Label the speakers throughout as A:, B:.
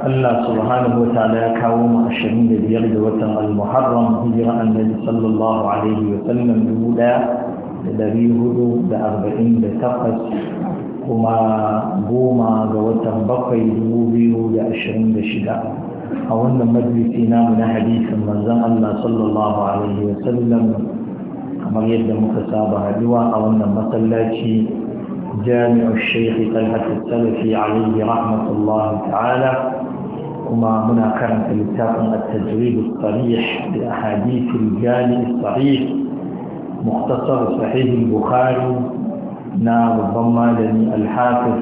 A: Allah subhanahu wa ta'ala ya kawo mu ashirin da biyar da watan al-muharram hijira annabi sallallahu alaihi wa sallam dubu daya da dari hudu da arba'in da takwas kuma goma ga watan bakwai dubu biyu da ashirin da shida a wannan majalisi namu na hadisin manzon Allah sallallahu alaihi wa sallam kamar yadda muka saba haduwa a wannan masallaci جامع الشيخ طلحة السلفي عليه رحمة الله تعالى وما هنا كان الكتاب الصريح لأحاديث الجالي الصحيح مختصر صحيح البخاري نام الضمالني الحافظ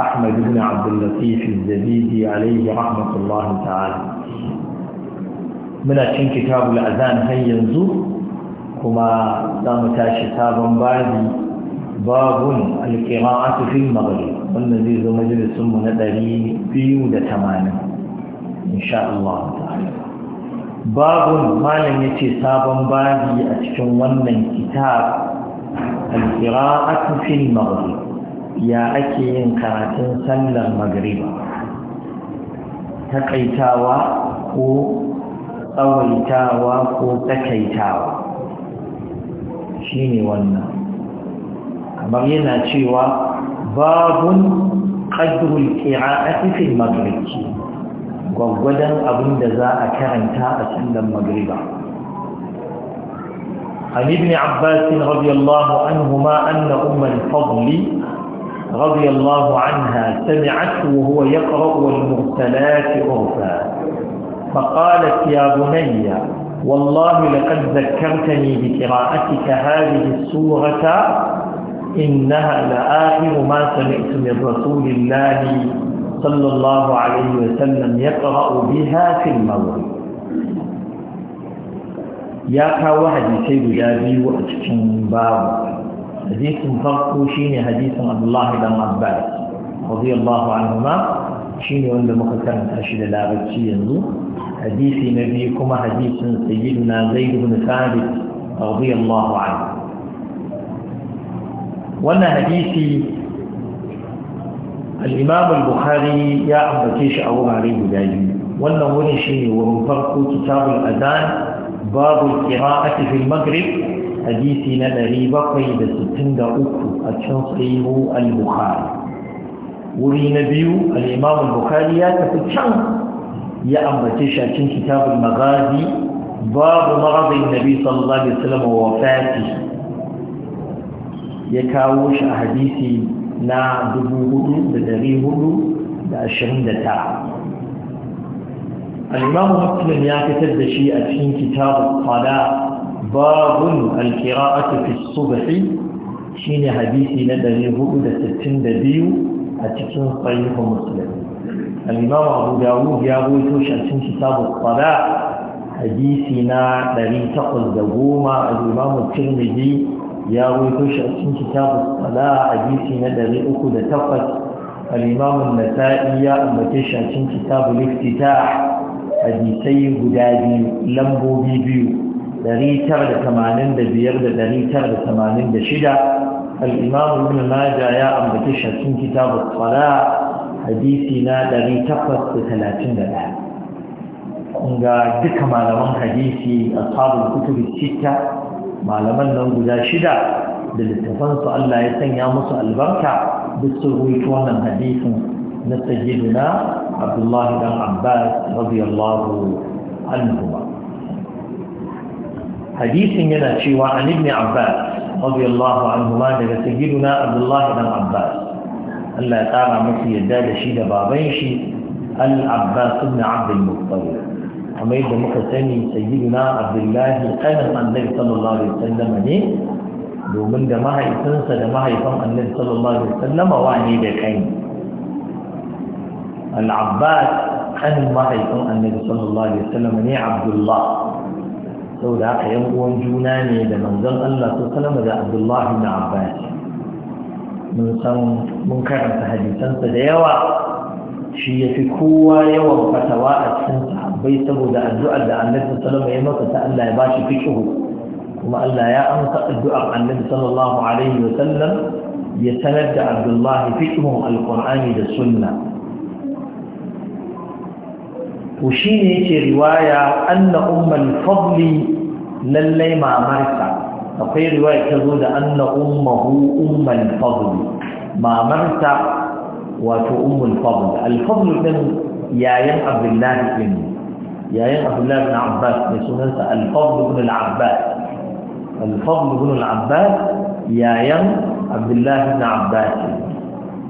A: أحمد بن عبد اللطيف الزبيدي عليه رحمة الله تعالى من أشين كتاب الأذان هيا نزور كما دام تاشتاب بادي باب القراءة في المغرب والنزيز مجلس من دري في ثمانين insha Allah babun malam yace sabon babi a cikin wannan kitab al-qira'atu fil maghrib ya ake yin karatun sallar maghrib takaitawa ko tsawaitawa ko takaitawa shine wannan kamar yana cewa babun qadrul qira'ati fil maghrib gwaggwadon abin da za a karanta a sallan magriba عن ابن عباس رضي الله عنهما أن أم الفضل رضي الله عنها سمعت وهو يقرأ والمرتلات عرفا فقالت يا بني والله لقد ذكرتني بقراءتك هذه السورة إنها لآخر ما سمعت من رسول الله صلى الله عليه وسلم يقرأ بها في المغرب يا كاو حديث يا بيو اتشن باب حديث فرقو شيني حديث عبد الله بن عباس رضي الله عنهما شيني عند مكتر تشيل لا بتشي ينزو حديث نبيكم حديث سيدنا زيد بن ثابت رضي الله عنه وانا حديثي الإمام البخاري يا أبكيش أو غريب دايم ولا ونشي وهم فرق كتاب الأذان باب القراءة في المغرب حديثنا نريب قيد ستين دقوكو التنصيب البخاري ولي نبيو الإمام البخاري يا تفتشان يا أبكيش أتين كتاب المغازي باب مرض النبي صلى الله عليه وسلم ووفاته يكاوش أحاديثي na dubu hudu da dari hudu da ashirin da tara الإمام مسلم يعتقد شيء في كتاب الصلاة باب القراءة في الصبح شين حديثي ندري هؤلاء ستين دبيو أتكين صحيح مسلم الإمام أبو داود يقول توش أتكين كتاب الصلاة حديثنا دري تقل دوما الإمام الترمذي يا ويتوش أسين كتاب الصلاة حديثنا الذي أخذ تقص الإمام النسائي أمتش أسين كتاب الافتتاح حديثي قدادي لمبو بيبيو دري ترد ثمانين دبير دري ترد ثمانين دشدة الإمام ابن ماجا يا أمتش أسين كتاب الصلاة حديثنا الذي تقص ثلاثين دبير ونجا دكما لمن حديثي أصحاب الكتب الستة malaman nan guda shida da littafansu Allah ya sanya musu albarka duk sun ruwaito wannan hadisin na sayyidina Abdullah ibn Abbas radiyallahu anhu hadisin yana cewa an ibn Abbas radiyallahu anhu ma daga sayyidina Abdullah ibn Abbas Allah ya tsara musu yadda da shi da baban shi al-Abbas ibn Abdul Muttalib حميد مكتاني سيدنا عبد الله أنم النبي صلى الله عليه وسلم دي يعني دومن جماعة إنسا جماعة فهم النبي صلى الله عليه وسلم وعني بكين العباس أن ما يكون النبي صلى الله عليه وسلم ني يعني عبد الله سوداء قيام ونجوناني لمن ذل الله صلى الله عليه وسلم عبد الله بن عباس من سن منكر تهديسا تديوا شيء في قوة يوم فتواء السنسحة Akwai saboda addu'ar da annabi sallallahu alaihi wasallam ya masa Allah ya bashi fiqh kuma Allah ya amsa addu'ar annabi sallallahu alaihi wasallam ya sanar da Abdullahi fiqhun alqur'ani da sunna to shine yake riwaya anna ummul fadli lallai mamarsa akwai riwaya ta zo da anna ummuhu ummul fadli mamarsa wato ummul fadl al-fadl din yayin abdullahi din yayin abdullahi bin abbas mai sunansa al-fadl ibn al-abbas al yayin abdullahi bin abbas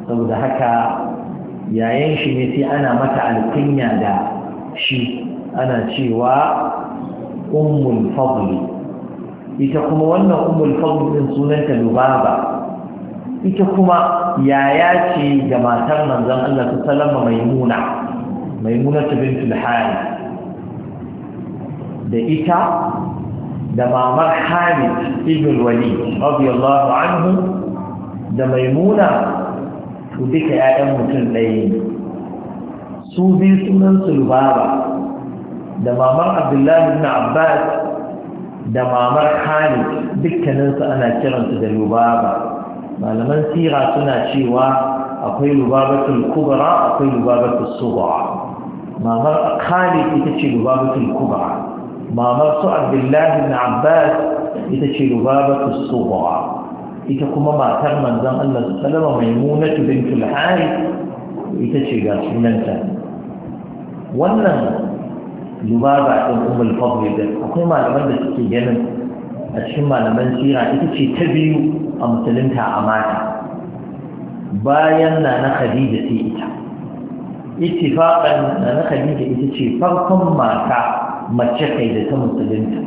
A: saboda haka yayin shi ne sai ana mata alkunya da shi ana cewa ummul fadli ita kuma wannan ummul fadli din sunanta lubaba ita kuma yaya ce ga matar manzon Allah sallallahu salama wasallam maimuna ta bintul harith da ita da mamar Hamid ibn Wali radiyallahu anhu da Maimuna to duka ƴaƴan mutum ɗaya ne su biyu sunan Lubaba da mamar Abdullahi ibn Abbas da mamar Khalid dukkaninsu ana kiransu da Lubaba malaman sira suna cewa akwai Lubabatul Kubra akwai Lubabatul Sughra mamar Khalid ita ce Lubabatul Kubra ما مرت عبد الله بن عباس يتشيل بابة الصغرى يتقوم ما ترمى زمان الله صلى الله عليه ميمونة بنت الحارث يتشيل سننتا وانا لبابة أم الفضل أقول ما لمن تتجنى أتشم ما لمن سيرا يتشيل تبيو أم تلمتها أمانا باينا نخديدة إتا اتفاقا نخديدة إتشيل فرقم ما تعفى mace kai da ta musulunta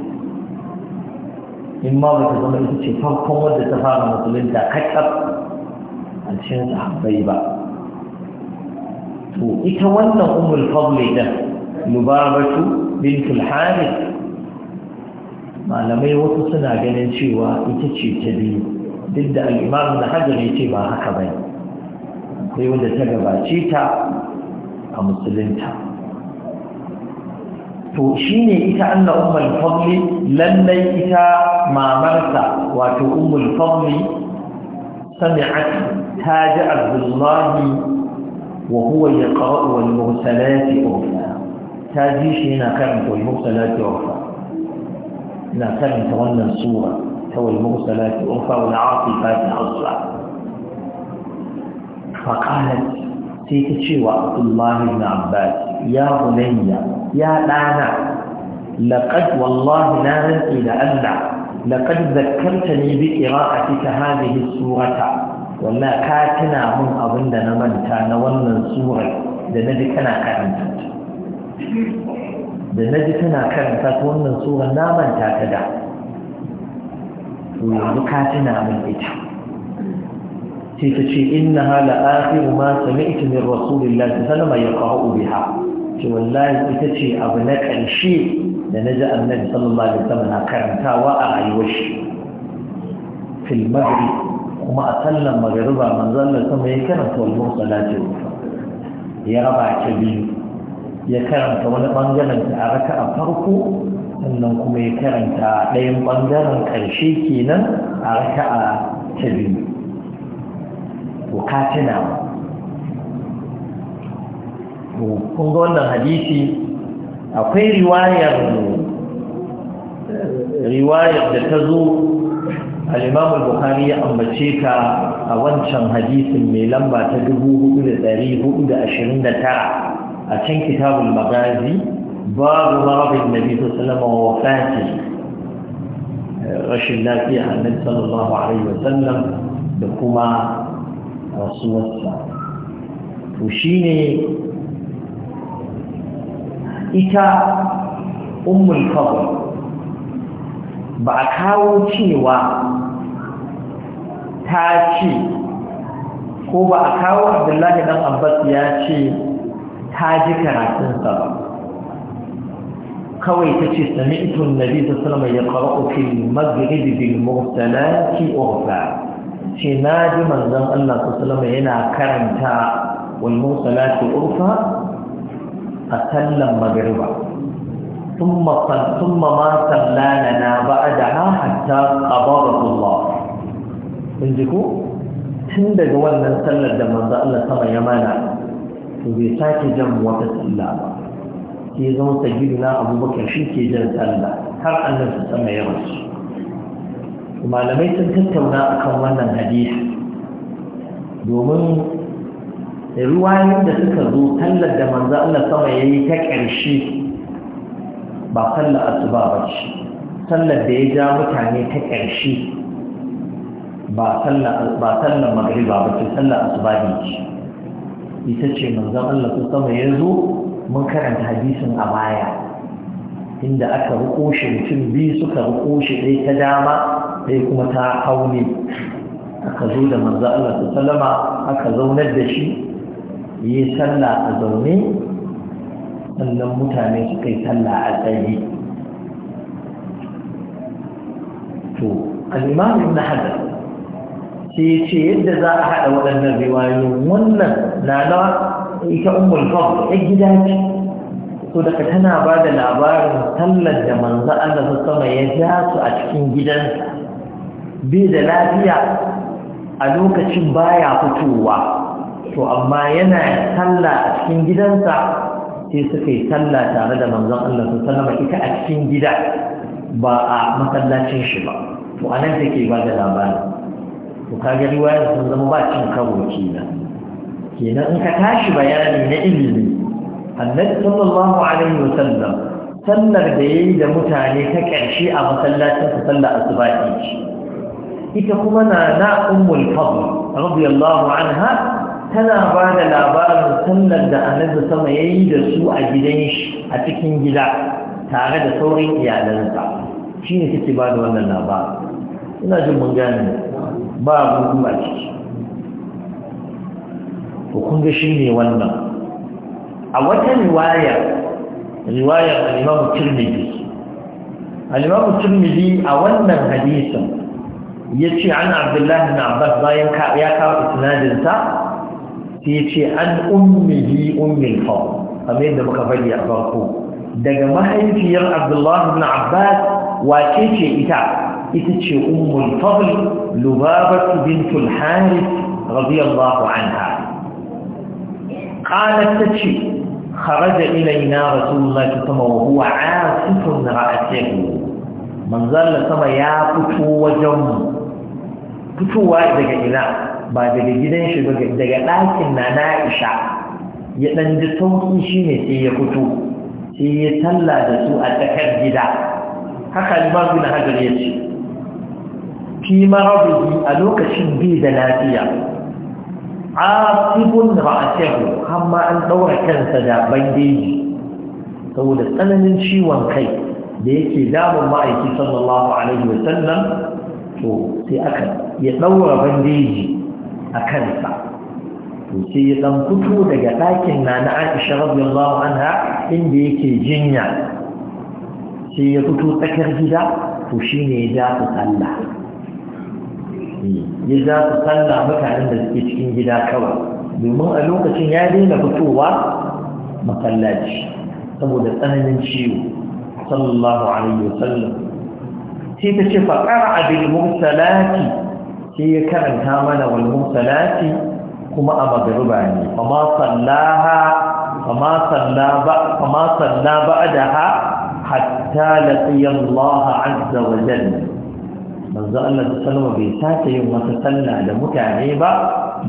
A: in ma ba ta zama ita ce farkon wadda ta fara musulunta kakar a cikin sahabbai ba to ita wannan umul fadli da lubabatu bintul harith malamai wasu suna ganin cewa ita ce ta biyu duk da al'imam da hajjar ya ce ba haka bai akwai wanda ta gabace ta a musulunta to shine ita anna ummul fadli lallai ita mamarsa wato ummul fadli sami'at taji abdullahi wa huwa yaqra'u wal mursalati urfa taji shi yana karanta wal mursalati urfa ina karanta wannan sura ta wal mursalati urfa wal 'asifati 'asfa فقالت سيتشي عبد الله بن عباس يا بني ya ɗana laƙad wallahi na rantsi da Allah laƙad zakarta ne bi ƙira'ati ta hadihi surata Wannan ka tuna mun abin da na manta na wannan surar da na ji kana karanta da na ji tana karanta ta wannan surar na manta ta da to yanzu ka tuna mun ita sai ta ce inna hala akhiru ma sami'tu min rasulillahi sallallahu alaihi wasallam yaqra'u biha ce wallahi ita ce abu na ƙarshe da na ji annabi sallallahu alaihi wasallam na karantawa a rayuwar shi fil maghrib kuma a sallan magariba manzo Allah sama ya karanta wal mursalati ya raba ta biyu ya karanta wani bangaren ta a raka'a farko sannan kuma ya karanta ɗayan bangaren ƙarshe kenan a raka'a ta biyu bukatina kun ga wannan hadisi akwai riwayar riwayar da ta zo al al-bukhari ya ambace ka a wancan hadisin mai lamba ta 4429 a can kitabul magazi babu marabin nabi sallallahu alaihi wasallam wa wafatihi rashin lafiya annabi sallallahu alaihi wasallam da kuma rasuwarsa to shi ne. ita ummul fadl ba kawo cewa ta ce ko ba a kawo abdullahi dan abbas ya ce ta ji karatunsa ba kawai ta ce sami itun nabi ta salama ya magribi murtala ki ce na ji manzon allah ta salama yana karanta wal murtala ki a sallan magariba ثم ثم ما da لنا بعدها حتى قبضه الله injiku tun daga wannan sallar da manzo Allah sama ya mana to bai sake jan wata sallah ba zama sayyidina Abubakar shi ke jan sallah har su sama ya rasu malamai sun tattauna akan wannan hadisi domin riwayoyin da suka zo sallar da manzo Allah sama ya yi ta ƙarshe ba sallar asuba ba ce sallar da ya ja mutane ta ƙarshe ba sallar ba sallar magriba ba ce sallar asuba ne ce ita ce manzan Allah su sama ya zo mun karanta hadisin a baya inda aka riko shi mutum biyu suka riko shi ɗaya ta dama ɗaya kuma ta hauni aka zo da manzo Allah salama aka zaunar da shi yi sallah a zaune sannan mutane suka yi sallah a tsaye to al'imamu na hadar sai ce yadda za a haɗa waɗannan riwayoyin wannan na na ita umar fawon ya gida ce so daga tana ba da labarin sallar da manzo Allah sama ya ja su a cikin gidansa bai da lafiya a lokacin baya fitowa to amma yana salla a cikin gidansa sai suka yi salla tare da manzon Allah sallama ita a cikin gida ba a masallacin shi ba to nan take ba da labari to kaga riwayar sun zama ba cin karo kenan kenan in ka tashi bayani na ilimi annabi sallallahu alaihi sallam, sallar da yayi da mutane ta ƙarshe a masallacin su sallar asuba ita kuma na na ummul fadl radiyallahu anha tana ba da labarin sunan da annabi sama ya yi da su a gidan shi a cikin gida tare da saurin iyalansa shi ne suke ba da wannan labarin ina jin mun gane ba mun ba ciki ko kun ga shi ne wannan a wata riwaya riwaya al Turmidi, Tirmidhi Turmidi, imam Tirmidhi a wannan hadisin yace an Abdullah na Abbas bayan ya kawo isnadin sa sai ce an ummihi ummil fadl kamar yadda muka faɗi a farko daga mahaifiyar Abdullah ibn Abbas wace ce ita ita ce ummul fadl lubabah bint al-harith radiyallahu anha qalat tace خرج إلينا رسول الله كما وهو عاصف رأسه من ظل كما يا فتو وجم فتوى daga ina ba daga gidan shi ba daga ɗakin na na ya ɗan ji sauƙi shi ne sai ya fito sai ya talla da su a tsakar gida haka limamu na hajar ya ce fi marabihi a lokacin bi da lafiya a ra'atahu amma an ɗaura kansa da bandeji saboda tsananin ciwon kai da yake damun ma'aiki sallallahu alaihi wasallam to sai aka ya ɗaura bandeji a kansa to sai ya dan fito daga ɗakin na na Aisha radiyallahu anha inda yake jinya sai ya fito tsakar gida to shine ya ja su sallah hmm. ya za su sallah mutanen da suke cikin gida kawai domin a lokacin ya daina fitowa masallaci saboda tsananin ciwo sallallahu alaihi wasallam sai ta ce faqara bil mursalati sai ya karanta mana wal mursalati kuma a magruba ne amma sallaha ba. sallaba amma sallaba hatta laqiya Allah azza wa jalla manzo Allah sallama bai sace yin wata sallah da mutane ba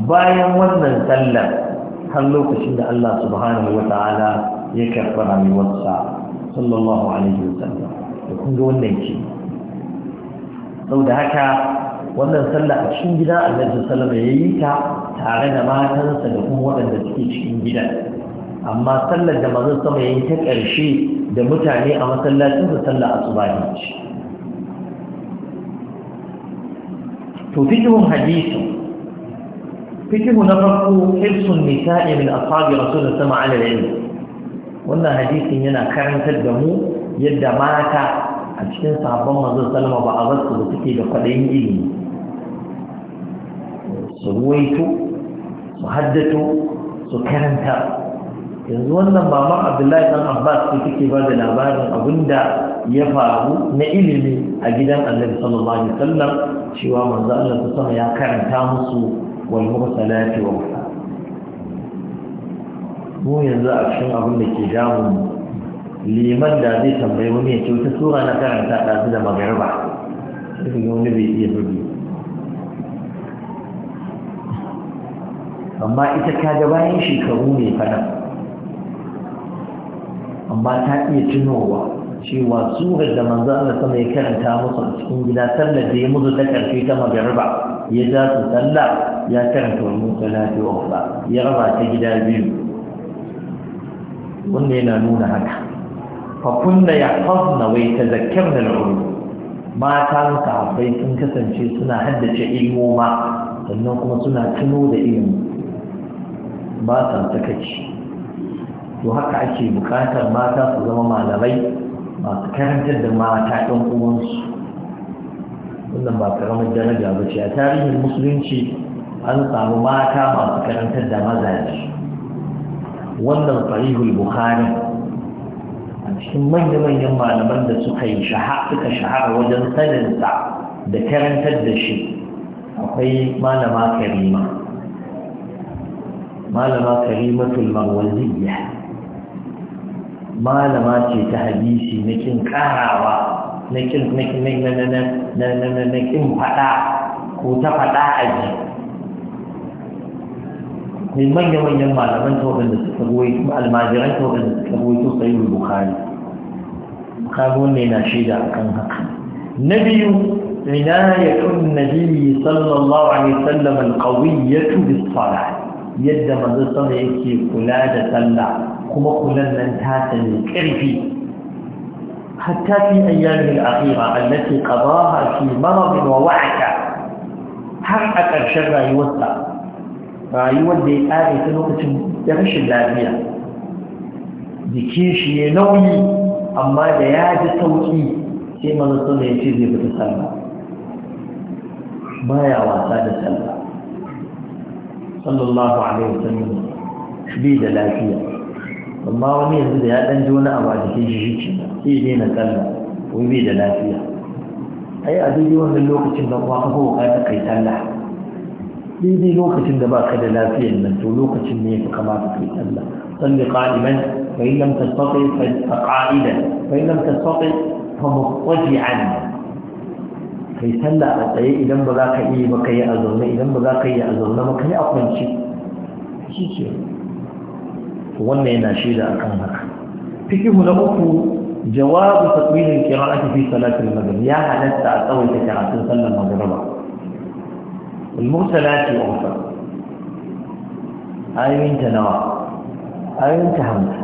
A: bayan wannan sallar har lokacin da Allah subhanahu wa ta'ala ya karɓa rayuwarsa sallallahu alaihi wa sallam da kun ga wannan ke da haka wannan sallah a cikin gida annabi sallallahu ya yi ta tare da matansa da kuma waɗanda suke cikin gida amma sallar da manzon sama ya yi ta ƙarshe da mutane a masallacin sa sallah asuba ne ce to fikihun hadisi fikihu na farko hibsun nisa'i min ashabi rasulullah sama ala wannan hadisin yana karantar da mu yadda mata a cikin sabon manzon salama ba a rasu da suke da kwaɗayin ilimi su ruwaito su haddato su karanta yanzu wannan mama abdullahi dan abbas ce take ba da labarin abinda ya faru na ilimi a gidan annabi sallallahu alaihi wasallam cewa manzo Allah ta sama ya karanta musu wal mursalati wa mu yanzu a cikin abin da ke damu liman da zai tambayi wani ya ce wata sura na karanta ɗazu da magaraba sai ga wani bai iya rubuta amma ita ta ga bayan shekaru ne fana amma ta iya tunowa cewa surar da manzo Allah sama ya karanta musu a cikin gida sallar da ya musu ta karfe ta magariba ya za su sallah ya karanta wa musa lafi wa ya raba ta gida biyu Wannan yana nuna haka fa kunna wai ta yatazakkarna al-ulum mata sahabbai sun kasance suna haddace ilmoma sannan kuma suna tuno da ilimi ba sa sakaci to haka ake bukatar mata su zama malamai masu karantar da mata ɗan uwansu wannan ba karamar daraja ba ce a tarihin musulunci an samu mata masu karantar da mazaje wannan sahihul bukhari a cikin manya-manyan malaman da suka yi suka shahara wajen saninsa da karantar da shi akwai malama karima ما لما كلمة المغولية ما لما تهديسي نكين كهراوة نكين نكين نكين نكين نكين نكين نكين فتا كوتا فتا أجي من من يمين يمع لمن توقن تتكوي المعجران توقن تتكوي تطيب البخاري قابون لنا شيدا كان هكا نبي عناية النبي صلى الله عليه وسلم القوية بالصلاة yadda manzon sama yake kula da sallah kuma kulan nan ta sani ƙarfi hatta fi ayyamil akhira allati qadaha fi marad wa wa'ka har a ƙarshen rayuwarsa rayuwar da ya ƙare ta lokacin da rashin lafiya jikin shi ya nauyi amma da ya ji sauƙi sai manzon ya ce zai fita sallah baya wasa da sallah صلى الله عليه وسلم شديد العافيه وما وني هذا دان جونا ابا جيكي جيكي في دين الله ويبيد العافيه اي ادي وان لوكتين دا كو كو كاي كاي الله دي دي لوكتين دا باك دا العافيه من تو لوكتين ني فكما في الله صل قائما فان لم تستطع فاقعدا فان لم تستطع فمضطجعا kai sallah a tsaye idan ba za ka iya ba ka yi a zaune idan ba za ka yi a zaune ba ka yi a kwanci shi ke wannan yana shaida a kan haka fikihu na uku jawabu takwilin ake fi salatul maghrib ya halatta a tsawon ta karatun sallar magriba المرسلات أغفر آيوين تنوى آيوين تهمس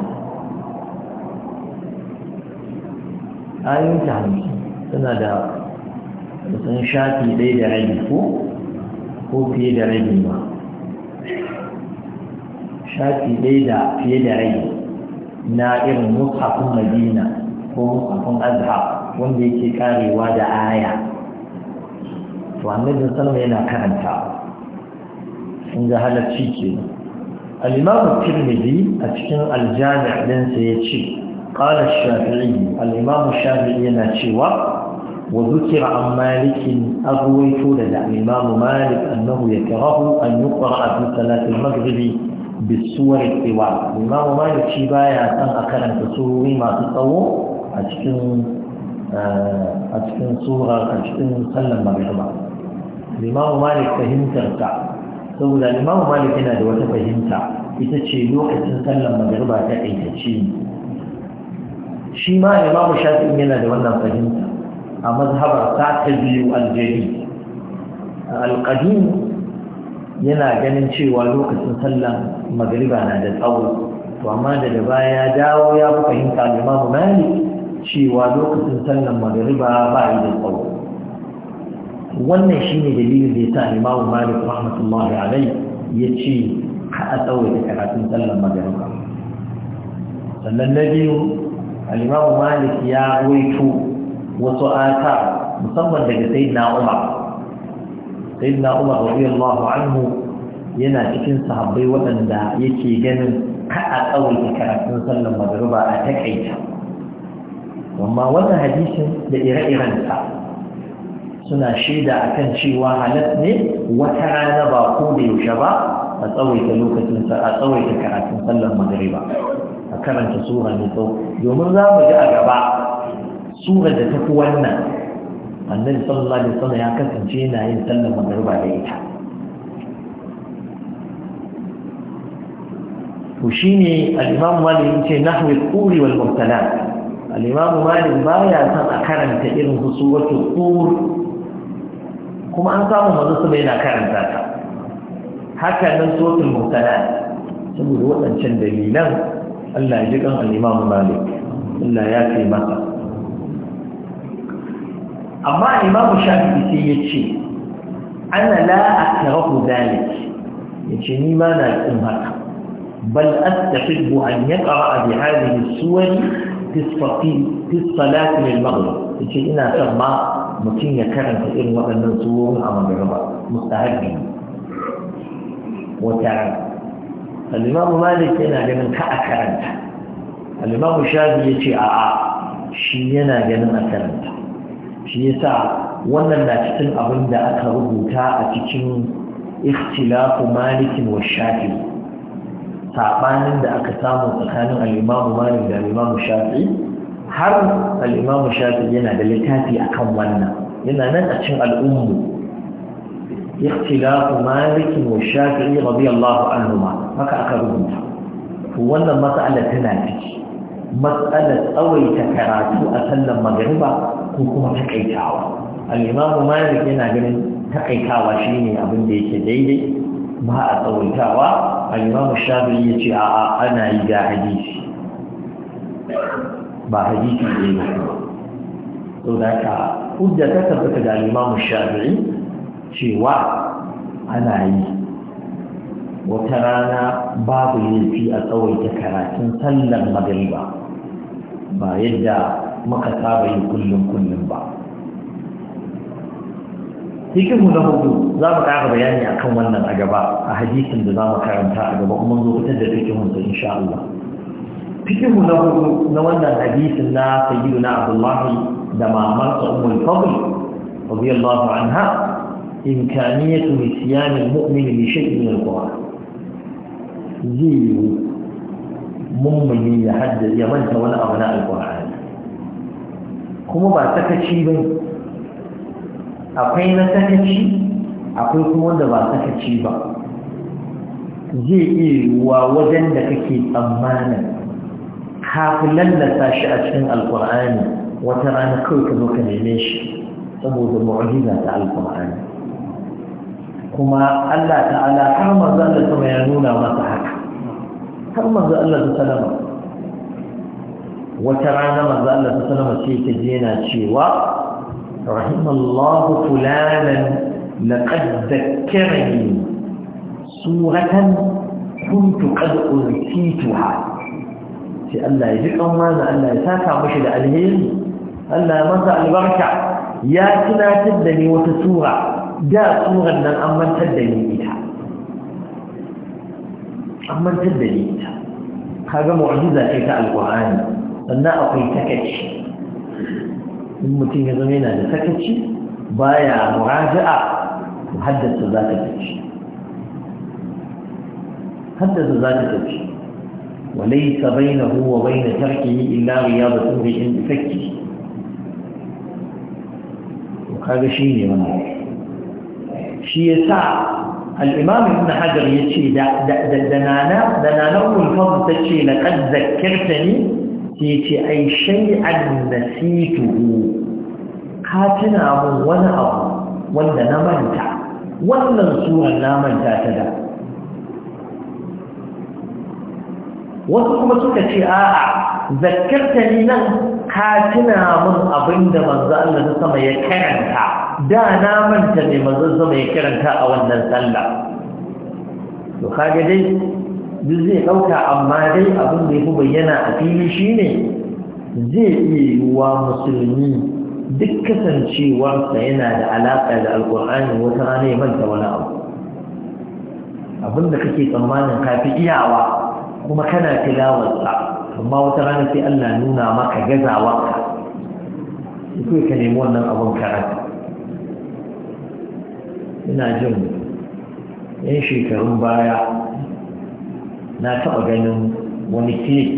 A: آيوين hamsin suna da. kusan shafi ɗaya da rabi ko ko fiye da rabi ba shafi ɗaya da fiye da rabi na irin mushafin madina ko mushafin azhar wanda yake karewa da aya to annabin salama yana karanta Sun ga halarci ke al-imam tirmidhi a cikin aljami' din sa yace qala ash-shafi'i al-imam shafii yana cewa وذكر عن مالك أغويت لدى الإمام مالك أنه يكره أن يقرأ في صلاة المغرب بالسور الطوال الإمام مالك شبايا أن أكرم تسوري ما تطوى أتكن أتكن سورة أتكن صلى المغرب الإمام مالك فهمت ارتع سورة الإمام مالك هنا دوت فهمت إتشي لوحة صلى المغرب تأتي شي ما الإمام شافعي هنا دوت فهمت a mazhabar ta ta biyu aljeri alƙadun yana ganin cewa lokacin sallan magariba na da tsawo to amma daga baya ya dawo ya fahimta limamu malik cewa lokacin sallan magariba ba yi da tsawo wannan shine dalilin da ya sa limamu malik rahmatullahi alai ya ce ka a tsawaita karatun sallan magariba sannan na biyu alimamu malik ya waito wasu ata musamman daga sayyidina Umar sayyidina Umar radiyallahu anhu yana cikin sahabbai waɗanda yake ganin a tsawaita karatun sallan magariba a takaita amma wannan hadisin da ire ta suna shaida akan cewa halat ne wata rana ba ko da yaushe ba a tsawaita lokacin a tsawaita karatun sallan magariba a karanta sura mai domin za mu ji a gaba sura da tafi wannan annabi sallallahu alaihi wasallam ya kasance yana yin sallar magruba da ita to shine al-imam malik yace nahwi al-quri wal mubtala al-imam malik baya san a karanta irin suratul qur kuma an samu manzo sama yana karanta ta haka nan suratul mubtala saboda waɗancan dalilan Allah ya ji kan al-imam malik Allah ya kai masa أما إمام الشافعي يجي أنا لا أكره ذلك يجني ما نأمر بل أستحب أن يقرأ بهذه السور في الصلاة للمغرب يجي إنا فما ممكن يكرم في إن وقت نزور أما بعمر مستعد وتعب فالإمام مالك هنا لمن كأكرمته الإمام الشافعي يجي أعاء شينا لمن أكرمته shi yasa wannan na cikin abin da aka rubuta a cikin ikhtilafu malikin wa shafi sabanin da aka samu tsakanin al-imamu malik da al-imamu shafi har al-imamu shafi yana da littafi akan wannan yana nan a cikin al'ummu ikhtilafu malikin wa shafi radiyallahu anhuma haka aka rubuta to wannan mas'ala tana ciki mas'alar tsawaita karatu a sallan magariba ko kuma takaitawa al'imamu malik yana ganin takaitawa shi ne abin yake daidai ba a tsawaitawa al'imamu shabiri ya ce a ana yi ga hadisi ba hadisi ne ba. so da ka hujja ta tabbata ga al'imamu shabiri cewa ana yi wata rana babu fi a tsawaita karatun sallar magariba ba yadda muka saba yi kullum kullum ba hikimu na hudu za mu ƙara bayani akan wannan a gaba a hadisin da za mu karanta a gaba kuma zo fitar da fikihun sa insha Allah fikihu na hudu na wannan hadisin na Sayyidu na abdullahi da maman sa ummul fadl radiyallahu anha imkaniyatu nisyan almu'min li shay'in min alquran zai mummuni ya haddace ya manta wani abu na Al-Quran. kuma ba sakaci ba akwai na sakaci akwai kuma wanda ba sakaci ba zai iya yiwuwa wajen da kake tsammanin kafin lallata shi a cikin alkur'ani wata rana kawai ka zo ka neme shi saboda mu'ajiza ta alkur'ani kuma Allah ta'ala har manzo Allah sama ya nuna masa haka har manzo Allah ta salama wata rana manzo Allah ta sallama sai ta je yana cewa rahimallahu fulanan laqad dakkarani suratan kuntu qad unsituha sai Allah ya ji kanwana Allah ya saka mashi da alheri Allah ya masa albarka ya tunatar da ni wata sura da suran nan an mantar da ni ita an mantar da ni ita kaga mu'jiza ce ta alqur'ani sannan akwai takaci in mutum ya zama yana da takaci baya muraja'a haddasa za ta tafi haddasa za ta tafi وليس بينه وبين تركه إلا غيابة امرئ بفكه وهذا شيء من شيء يسع الإمام ابن حجر يتشي دنانا دنانا الفضل تتشي لقد ذكرتني sai ce ai shay'an nasituhu ka tuna mun wani abu wanda na manta wannan suran na manta ta da wasu kuma suka ce a'a zakkarta ni nan ka tuna mun abinda manzo Allah sama ya karanta da na manta ne manzo sama ya karanta a wannan sallah to kage dai duk zai ɗauka amma dai abin da ya fi bayyana a fili shine zai iya yiwuwa musulmi duk kasancewarsa yana da alaƙa da alƙur'ani wata rana ya manta wani abu abin da kake tsammanin ka fi iyawa kuma kana tilawarsa amma wata rana sai Allah nuna maka gazawa sai ka nemi wannan abin karanta ina jin yan shekarun baya na taɓa ganin wani clip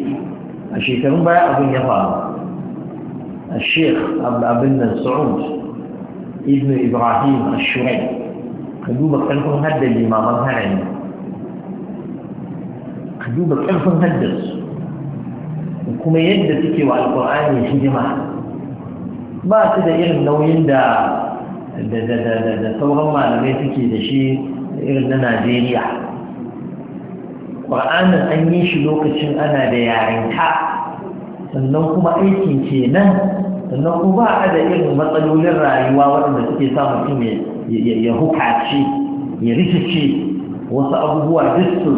A: a shekarun baya abin ya faru a sheikh abin nan sa'ud ibn ibrahim ashurai ka duba ƙarfin haddar limaman harami ka duba ƙarfin haddarsu kuma yadda suke wa alƙur'ani hidima ba su da irin nauyin da sauran malamai suke da shi irin na najeriya ƙwa'anin an yi shi lokacin ana da yarinta sannan kuma aikin kenan sannan kuma ba a da irin matsalolin rayuwa waɗanda suke sa mutum ya hukace ya rikice wasu abubuwa duk su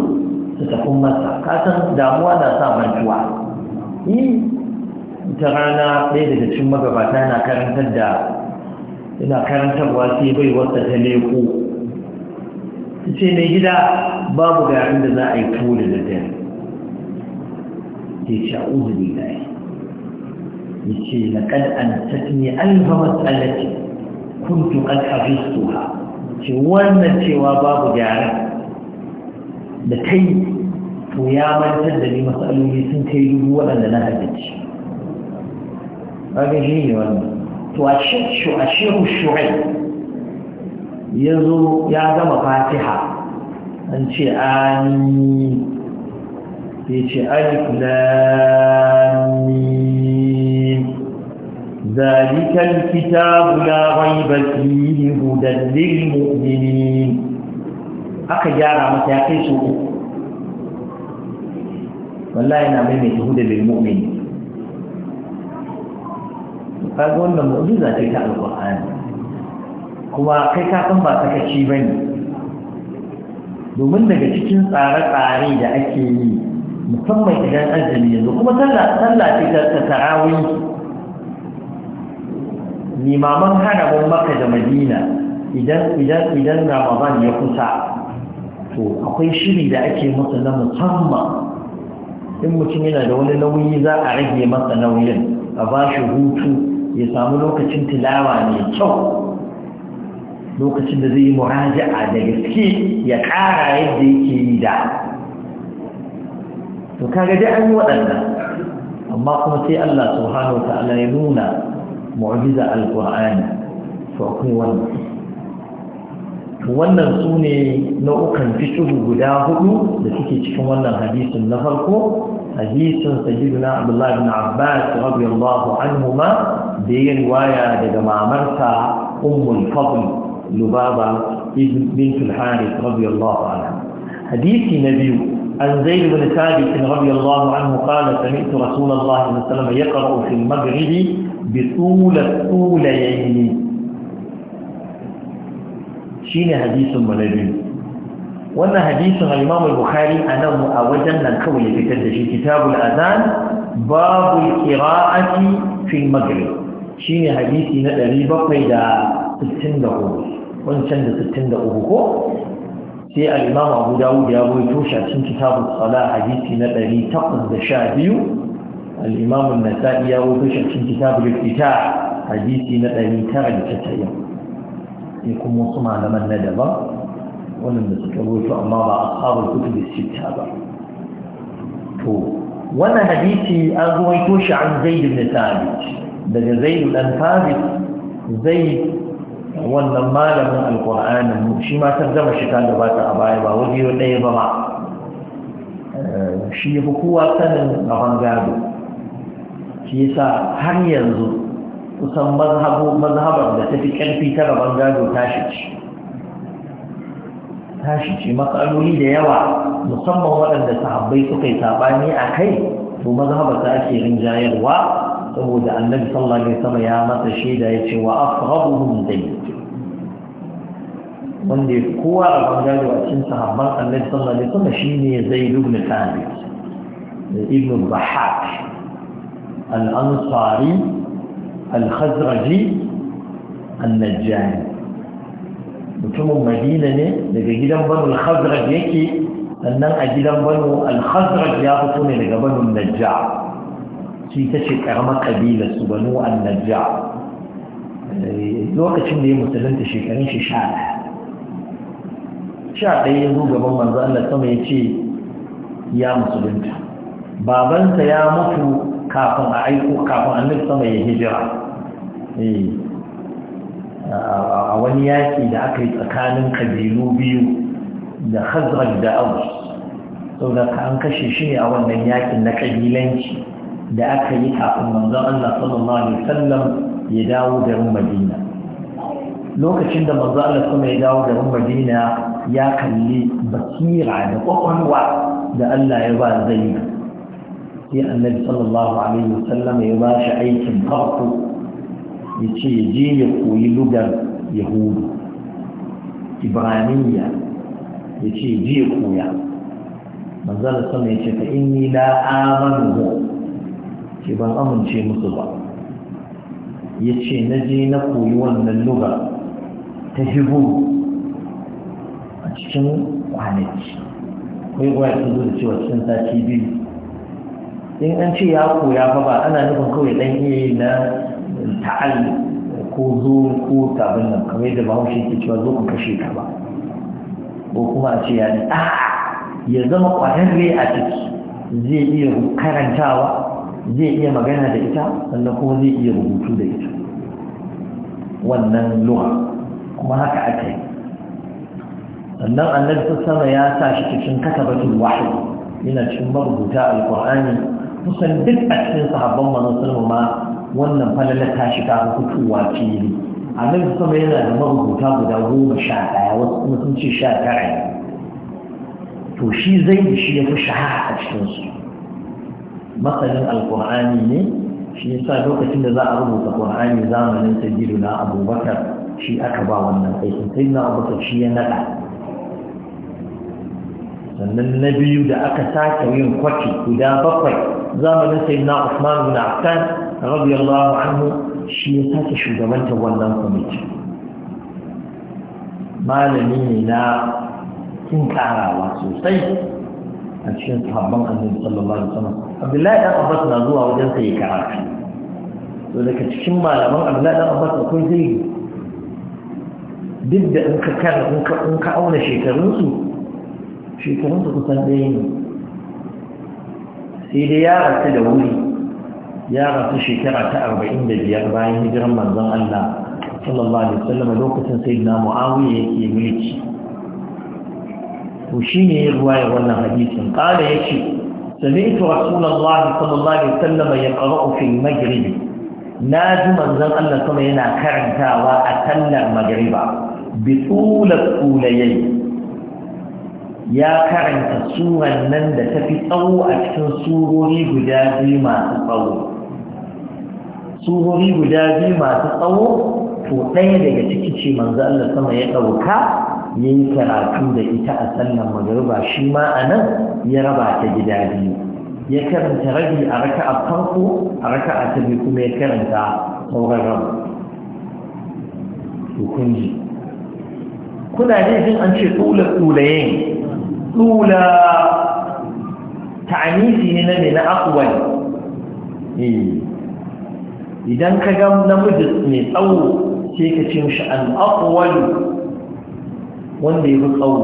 A: tafi masa kasan damuwa na sa mantuwa ta rana ɗaya daga cikin magabata na karantar da ina karantarwa sai bai wata ta leko su ce mai gida babu garin da za a yi tuwo da daddare ya ce a uzuri na yi ya ce na kan ta tuni alfamar tsallace kuntu kan hafistuwa ce wannan cewa babu gyara da ta yi to ya mantar da ni matsaloli sun kai dubu waɗanda na hajjaci ba ga shi ne wannan to a shehu shu'ai ya zo ya gama fatiha an ce ani ya ce alif lamin zalikal kitabu la ghaiba fihi hudan lil mu'minin aka gyara masa ya kai su wallahi na mai mai hudan wannan ta alqur'ani kuma kai kafin ba sakaci ba ne domin daga cikin tsare-tsare da ake yi musamman idan azumi yanzu kuma sallah ce ta tarawih limaman maka da madina idan idan idan ramadan ya kusa to akwai shiri da ake masa na musamman in mutum yana da wani nauyi za a rage masa nauyin a ba shi hutu ya samu lokacin tilawa mai kyau lokacin da zai yi muraja'a da gaske ya ƙara yadda yake yi da to kaga dai an yi waɗanda. amma kuma sai Allah subhanahu wa ta'ala ya nuna mu'jiza alqur'ani to akwai wannan wannan su ne nau'ukan fiqh guda hudu da suke cikin wannan hadisin na farko hadisin sayyidina Abdullahi ibn Abbas radiyallahu anhuma da ya riwaya daga mamarsa ummul fadl لبابا بنت الحارث رضي الله عنها حديث نبي عن زيد بن ثابت رضي الله عنه قال سمعت رسول الله صلى الله عليه وسلم يقرأ في المغرب بطول الطولين شين حديث النبي وانا حديث الإمام البخاري أنا مؤوجا كوي في كتاب الأذان باب القراءة في المغرب شين حديث ندري بقيدا 64 wancan da 63 ko sai al-imam Abu Dawud ya rawaito shi a cikin kitabus salah hadisi na 812 al-imam an-Nasa'i ya rawaito shi a cikin kitabul fita hadisi na 990 ne kuma wasu malaman na daban wannan da suka rawaito amma ba ashabul kutub as-sittah ba to wannan hadisi an rawaito shi an Zaid ibn Thabit daga Zaid ibn Thabit Zaid wannan malamin alƙur'anin shi ma ta zama shi ta a baya ba waje ɗaya ba ma eh, shi ya fi kowa sanin rabon gado shi har yanzu kusan mazhabar da ta fi ƙarfi ta rabon gado tashi ce matsaloli da yawa musamman waɗanda sahabbai suka yi saɓani a kai to mazhabar ta ake rinjayarwa saboda annabi sallallahu alaihi wasallam ya masa shaida ya ce wa afraduhum dai wanda ya kowa a bangare a cikin sahabban annabi sallallahu alaihi wasallam shine zaid ibn thabit da ibn bahak al-ansari al-khazraji an-najjani mutumin madina ne daga gidan banu al-khazraj yake sannan a gidan banu al-khazraj ya fito ne daga banu najjar shi ta ce karamar kabila su banu an najjar lokacin da ya musulunta shekarun shi sha ɗaya sha ɗaya ya zo gaban manzo Allah sama ya ce ya musulunta babansa ya mutu kafin a aiko kafin annabi sama ya hijira eh, a wani yaƙi da aka yi tsakanin kabilu biyu da khazraj da aus saboda ka an kashe shi ne a wannan yakin na kabilanci da aka yi kafin manzon Allah sallallahu alaihi wasallam ya dawo garin Madina lokacin da manzon Allah sama ya dawo garin Madina ya kalli basira da kwakwalwa da Allah ya ba zai sai annabi sallallahu alaihi wasallam ya ba shi aikin farko ya ce ya je ya koyi lugar yahudu ibraniya ya ce je ya koya manzala sama ya ce fa inni la amanu ce ban amince musu ba ya ce na je na koyi wannan lugar ta hibu cikin kwanaki kai gwaya sun zo da cewa cikin sati biyu in an ce ya koya fa ba ana nufin kawai dan iya yi na ta'al ko zo ko tabin nan kamar yadda bahaushe ke cewa zo ku kashe ka ba ko kuma a ce ya ne ya zama kwararre a ciki zai iya karantawa zai iya magana da ita sannan kuma zai iya rubutu da ita wannan lura kuma haka aka yi sannan annabi sassama ya sa shi cikin katabatul wahyi yana cikin marubuta alqur'ani kusan duk a cikin sahabban manzon sallallahu ma wannan falala ta shi ta fitowa fili annabi sassama yana da marubuta guda goma sha ɗaya wasu kuma sun ce sha tara to shi zai shi ya fi shahara a cikinsu masanin alkur'ani ne shi yasa lokacin da za a rubuta qur'ani zamanin sayyidina abubakar shi aka ba wannan aikin sayyidina abubakar shi ya nada sannan na biyu da aka sake yin kwafi guda bakwai zamanin sai na Usman bin Affan radiyallahu anhu shi ya sake shugabantar wannan kwamiti malami ne na kin karawa sosai a cikin sahabban annabi sallallahu alaihi wasallam Abdullahi dan Abbas na zuwa wajen sa karatu to daga cikin malaman Abdullahi dan Abbas akwai zai duk da in ka in ka auna shekarunsu Shekarunsa kusan ɗaya ne sai dai ya rasu da wuri ya rasu shekara ta arba'in da biyar bayan hijiran manzon Allah sallallahu alaihi wasallam lokacin sai sayyidina Muawiya yake mulki to shi ne ya ruwa ya wannan hadisin qala yace سمعت رسول الله صلى الله عليه وسلم يقرأ في المغرب ناجم أنزل الله صلى الله عليه وسلم كرنتا وأتلى المغرب بطول الأوليين ya karanta suran nan da ta fi tsawo a cikin surori guda biyu masu tsawo surori guda biyu masu tsawo to ɗaya daga ciki ce manzo Allah sama ya ɗauka ya yi karatu da ita a sallan magariba shi ma a nan ya raba ta gida biyu ya karanta rabi a raka a farko a raka a tabi kuma ya karanta sauran rabu kun kuna jin an ce tsular tsulayen tsula ta'anisi ne na ne na akwai idan ka ga namiji mai tsawo sai ka ce mishi an akwai wanda ya fi tsawo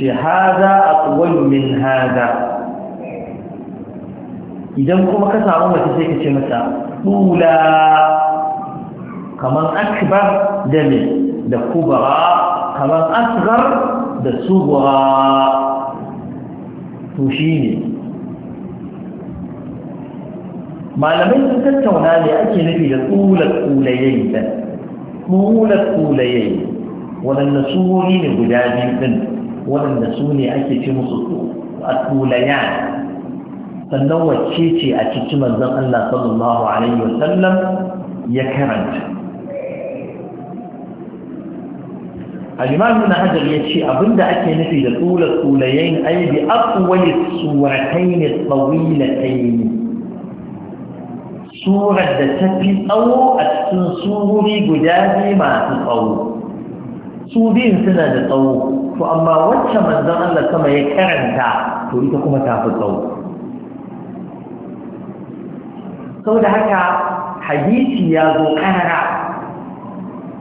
A: ce haza akwai min haza idan kuma ka samu mace sai ka ce mata tsula akbar da ne kamar asgar da subura to shi ne malamai sun tattauna ne ake nufi da tsular tsulayayi da tsular tsulayayi waɗanda surori ne guda biyu ɗin waɗanda su ne ake ci musu a tsulayayi sannan wacce ce a cikin manzon Allah sallallahu alaihi wasallam ya karanta al na hajar ya ce abinda ake nufi da tsula tsulayen ai bi aqwali suratayn tawilatayn surar da ta fi tsawo a cikin sururi guda biyu masu tsawo su biyun suna da tsawo to amma wacce manzon Allah sama ya karanta to ita kuma ta fi tsawo sau da haka hadisi ya zo karara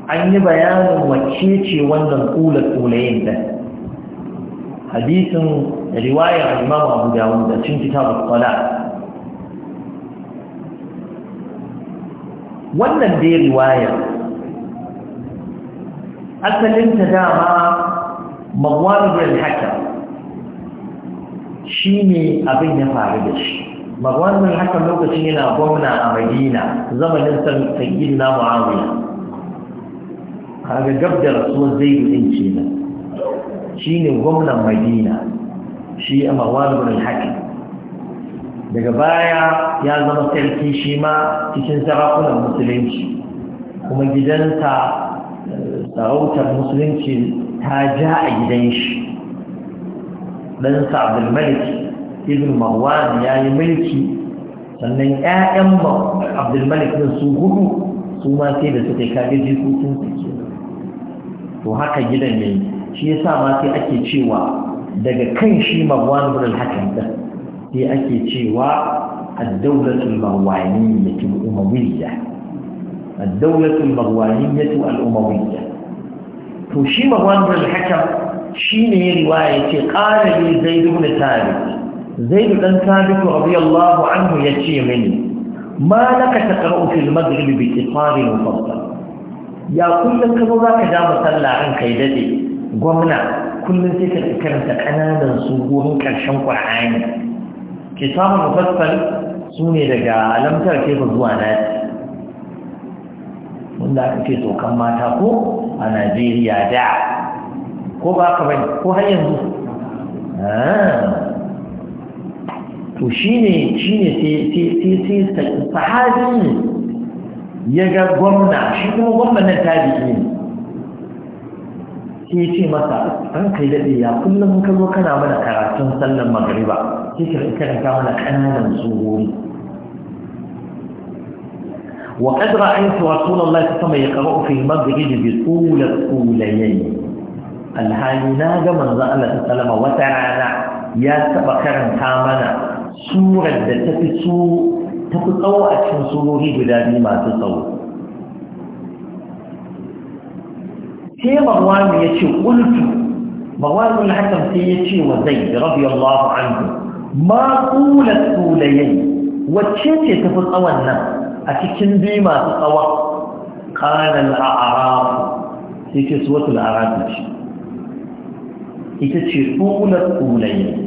A: an yi bayanin wacce ce wannan kula kulayen da hadisin riwayar imam abu dawud da cin kitabul salat wannan dai riwayar. asalin ta dama magwamin haka shi ne abin ya faru da shi magwamin haka lokacin yana gwamna a madina zamanin sayyid na kaga gab da rasuwar zaidu din ce nan shine gwamnan madina shi a bin al-hakim daga baya ya zama sarki shi ma cikin sarakunan musulunci kuma gidansa sarautar musulunci ta ja a gidan shi ɗansa abdulmalik ibn marwan ya yi mulki sannan 'ya'yan abdulmalik din su hudu su ma sai da suka yi kage jikokinsu to haka gidan ne shi yasa ma sai ake cewa daga kan shi marwan ibn al-hakim din sai ake cewa ad-dawlatu al-marwaniyyatu al-umawiyya ad-dawlatu al-marwaniyyatu al-umawiyya to shi marwan ibn al-hakim shine ya riwaya yace qala li zaid ibn thabit zaid ibn thabit radiyallahu anhu yace mini ma laka taqra'u fi al-maghrib bi qisar mufassal ya kullum ka zo za ka ja masalla ran kai dade gwamna kullum sai ka fi karanta ƙananan sugorin ƙarshen ke samun mufassal su ne daga alamtar ba zuwa nasi wanda aka ce tsokan mata ko a najeriya da ko ba ka bai ko har yanzu ah. to shi ne shi ne sai sahabi ne ya ga gwamna shi kuma gwamnan nan tabi'i ne sai ya ce masa an kai daɗe ya kullum ka zo kana mana karatun sallan magariba sai ka karanta mana ƙananan tsohori wa qad ra'aytu rasulullahi sallallahu alaihi wasallam yaqra'u fi al-maghrib bi tul al-ulayayn alhali na ga manzo Allah sallallahu wata rana ya taba karanta mana surar da tafi su ta fi tsawo a cikin surori guda biyu masu tsawo sai marwanu ya ce ƙultu marwanu na hakan sai ya ce wa zai rabi allahu anhu ma ƙulat tulayen wacce ce ta fi tsawon nan a cikin biyu masu tsawa kanan al'arafu sai ce suwatul arafu ce ita ce ƙulat tulayen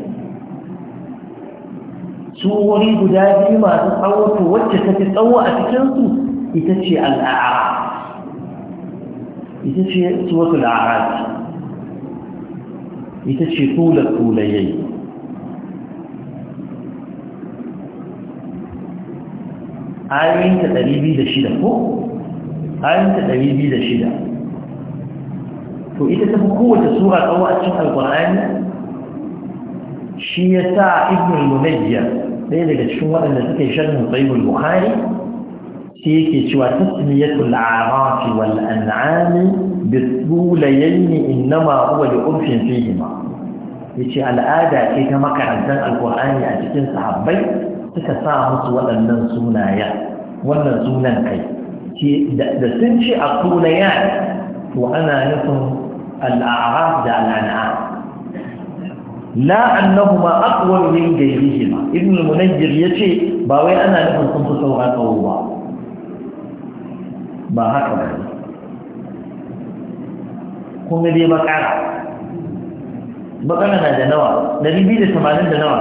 A: Su surori guda biyu masu tsawo wacce ta fi tsawo a cikinsu ita ce al'ara ita ce suratul a'raf ita ce tula tulayyai ayoyin ta 206 ko ayoyin ta 206 to ita ta fi kowace sura tsawo a cikin alqur'ani shi yasa ibnu al-munayyah ɗaya daga cikin waɗanda suke sharhin tsaibul bukhari shi yake cewa tasmiyatul arafi wal an'ami bi tulayaini innama huwa li urfin fihima yace al'ada ce ta makarantar alqur'ani a cikin sahabbai suka sa musu waɗannan sunaya wannan sunan kai da sun ce a sunaya to ana nufin al'araf da al'an'am la annahuma aqwa min ghayrihima ibn al-munajjir yace ba wai ana nufin sun fi saura tsawo ba ba haka ba kun ga dai bakara bakara na da nawa Dari biyu da tamanin da nawa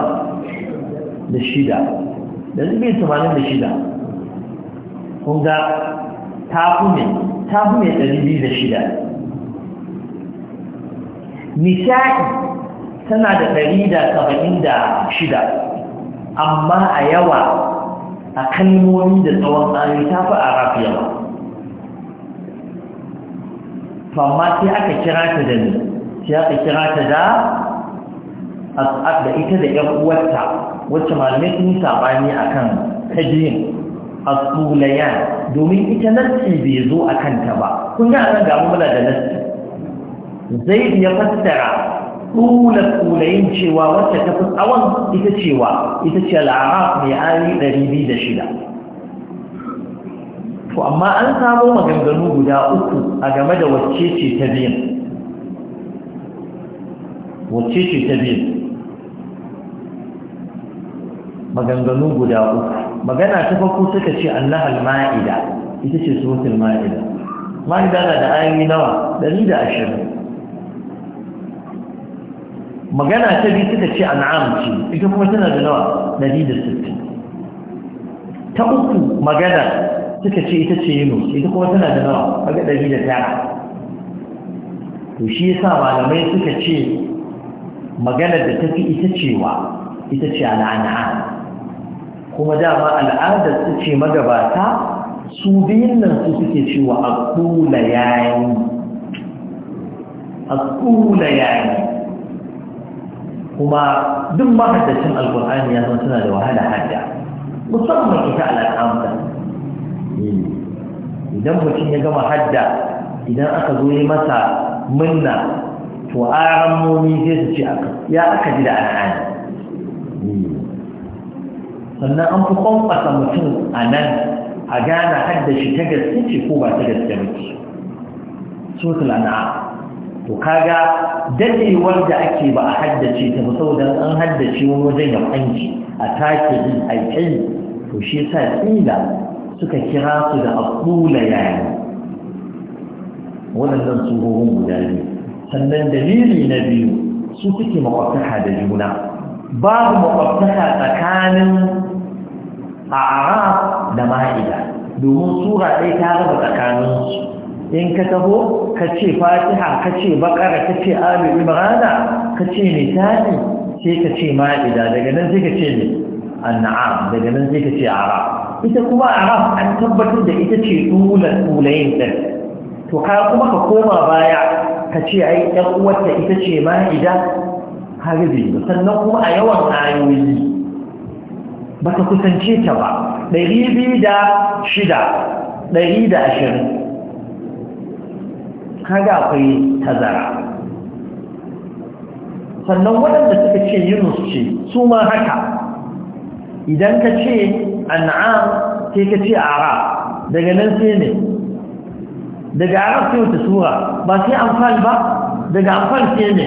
A: da shida Dari biyu da tamanin da shida kun ga tafi mai tafi mai dari biyu da shida nisa'i tana da ɗari da saba'in da shida amma a yawa a kalmomi da tsawon tsari ta fi a rafi yawa amma sai aka kira ta da sai aka kira ta da da ita da ‘yan uwarta wacce malamai sun yi saɓani a kan tajiyin asulayan domin ita nassi bai zo a kanta ba kun ga anan damu muna da nassi zai ya fassara ɗula ƙulayin cewa wacce ta fi tsawon ita cewa ita ce al'araf mai ayi ɗari biyu da shida to amma an samo maganganu guda uku a game da wacce ce ta biyan wacce ce ta biyan maganganu guda uku magana ta farko suka ce annahal ma'ida ita ce suratul ma'ida ma'ida na da ayoyi nawa 120 magana ta biyu suka ce an'am ce ita kuma tana da nawa 160 ta uku magana suka ce ita ce yunus ita kuma tana da nawa kaga 109 to shi sa malamai suka ce magana da tafi ita cewa ita ce al'an'am kuma dama al'adar su ce magabata su biyun nan su suke cewa a yayi akula yayi kuma duk mahaddacin alkur'ani ya san suna da wahala hadda musamman ita al'amta idan mutum ya gama hadda idan aka zo yi masa minna to aran momi zai su ce aka ya aka ji da al'ani sannan an fi kwamfasa mutum a nan a gane hadda ta gaske ce ko ba ta gaske ba ce sotul an'am to kaga dadewar da ake ba a haddace ta ba saboda an haddace wani wajen ya kwanci a take din aikin, to shi sa tsila suka kira su da akula yayi waɗannan tsohon guda ne sannan dalili na biyu su suke makwabtaka da juna babu makwabtaka tsakanin a'ara da ma'ida domin sura ɗaya ta raba tsakaninsu in ka taho ka ce fatiha ka ce bakara ka ce abu ibrana ka ce misali sai ka ce ma'ida daga nan sai ka ce ne anna'am daga nan sai ka ce arab ita kuma arab an tabbatar da ita ce tulan tulayin din to ka kuma ka koma baya ka ce ai ɗan uwarta ita ce ma'ida har sannan kuma a yawan ayoyi ba ka kusance ta ba ɗari biyu da shida ɗari da ashirin kaga akwai tazara sannan waɗanda suka ce yunus ce su ma haka idan ka ce an'am sai ka ce ara daga nan sai ne daga arab sai wata sura ba sai amfani ba daga amfani sai ne